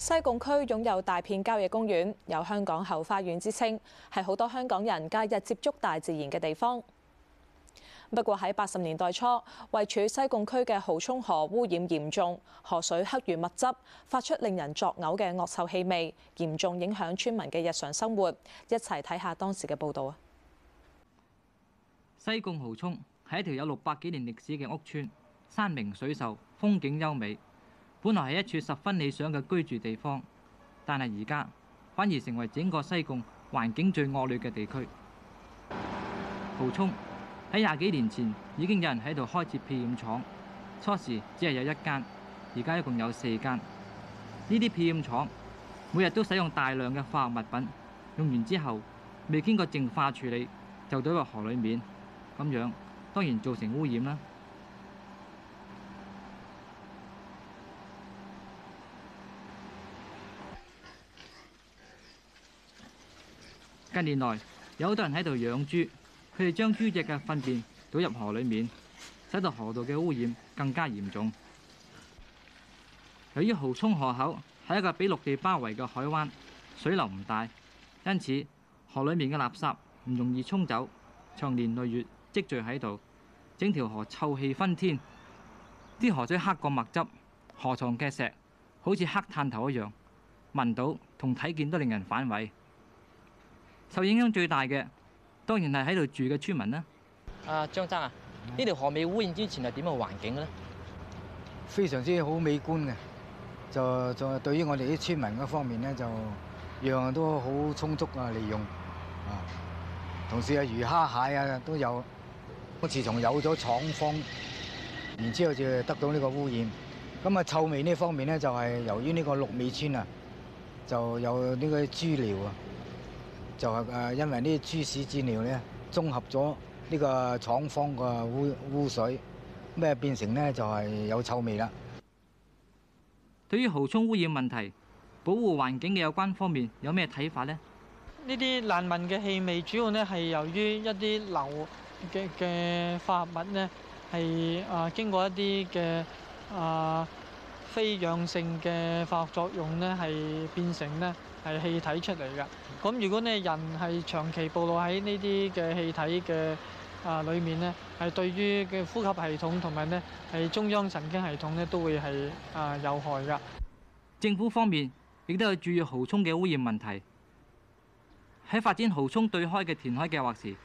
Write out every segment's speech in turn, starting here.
西貢區擁有大片郊野公園，有香港後花園之稱，係好多香港人假日接觸大自然嘅地方。不過喺八十年代初，位處西貢區嘅蠔涌河污染嚴重，河水黑如墨汁，發出令人作嘔嘅惡臭氣味，嚴重影響村民嘅日常生活。一齊睇下當時嘅報道啊！西貢蠔涌係一條有六百幾年歷史嘅屋村，山明水秀，風景優美。本來係一處十分理想嘅居住地方，但係而家反而成為整個西貢環境最惡劣嘅地區。蠔涌喺廿幾年前已經有人喺度開設漂染廠，初時只係有一間，而家一共有四間。呢啲漂染廠每日都使用大量嘅化學物品，用完之後未經過淨化處理就倒落河裡面，咁樣當然造成污染啦。近年來有好多人喺度養豬，佢哋將豬隻嘅糞便倒入河裡面，使到河道嘅污染更加嚴重。由於蠔涌河口係一個被陸地包圍嘅海灣，水流唔大，因此河裡面嘅垃圾唔容易沖走，長年累月積聚喺度，整條河臭氣熏天。啲河水黑過墨汁，河床嘅石好似黑炭頭一樣，聞到同睇見都令人反胃。受影響最大嘅，當然係喺度住嘅村民啦。阿張生啊，呢條、啊、河未污染之前係點嘅環境嘅咧？非常之好美觀嘅，就就對於我哋啲村民嗰方面咧，就樣樣都好充足啊利用啊。同時啊，魚蝦蟹啊都有。我自從有咗廠方，然之後就得到呢個污染。咁啊，臭味呢方面咧，就係、是、由於呢個六尾村啊，就有呢個豬寮啊。就係誒，因為呢啲豬屎之尿咧，綜合咗呢個廠方個污污水，咩變成咧就係有臭味啦。對於蠔涌污染問題，保護環境嘅有關方面有咩睇法咧？呢啲難聞嘅氣味，主要咧係由於一啲硫嘅嘅化合物咧，係誒經過一啲嘅誒。非氧性嘅化學作用呢，係變成呢係氣體出嚟噶。咁如果呢人係長期暴露喺呢啲嘅氣體嘅啊裏面呢，係對於嘅呼吸系統同埋呢係中央神經系統呢都會係啊有害噶。政府方面亦都要注意蠔涌嘅污染問題。喺發展蠔涌對開嘅填海計劃時，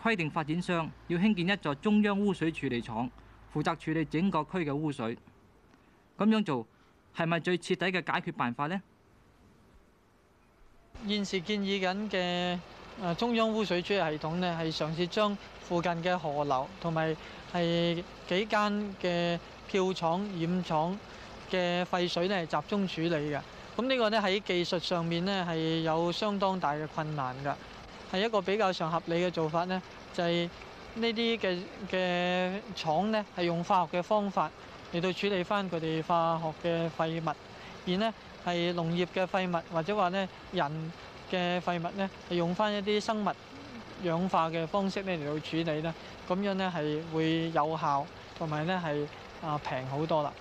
規定發展商要興建一座中央污水處理廠，負責處理整個區嘅污水。咁樣做係咪最徹底嘅解決辦法呢？現時建議緊嘅中央污水處理系統呢，係嘗試將附近嘅河流同埋係幾間嘅漂廠染廠嘅廢水呢集中處理嘅。咁呢個呢，喺技術上面呢，係有相當大嘅困難㗎。係一個比較上合理嘅做法呢，就係呢啲嘅嘅廠呢，係用化學嘅方法。嚟到處理翻佢哋化學嘅廢物，而呢係農業嘅廢物或者話呢人嘅廢物呢，係用翻一啲生物氧化嘅方式呢嚟到處理呢，咁樣呢係會有效同埋呢係啊平好多啦。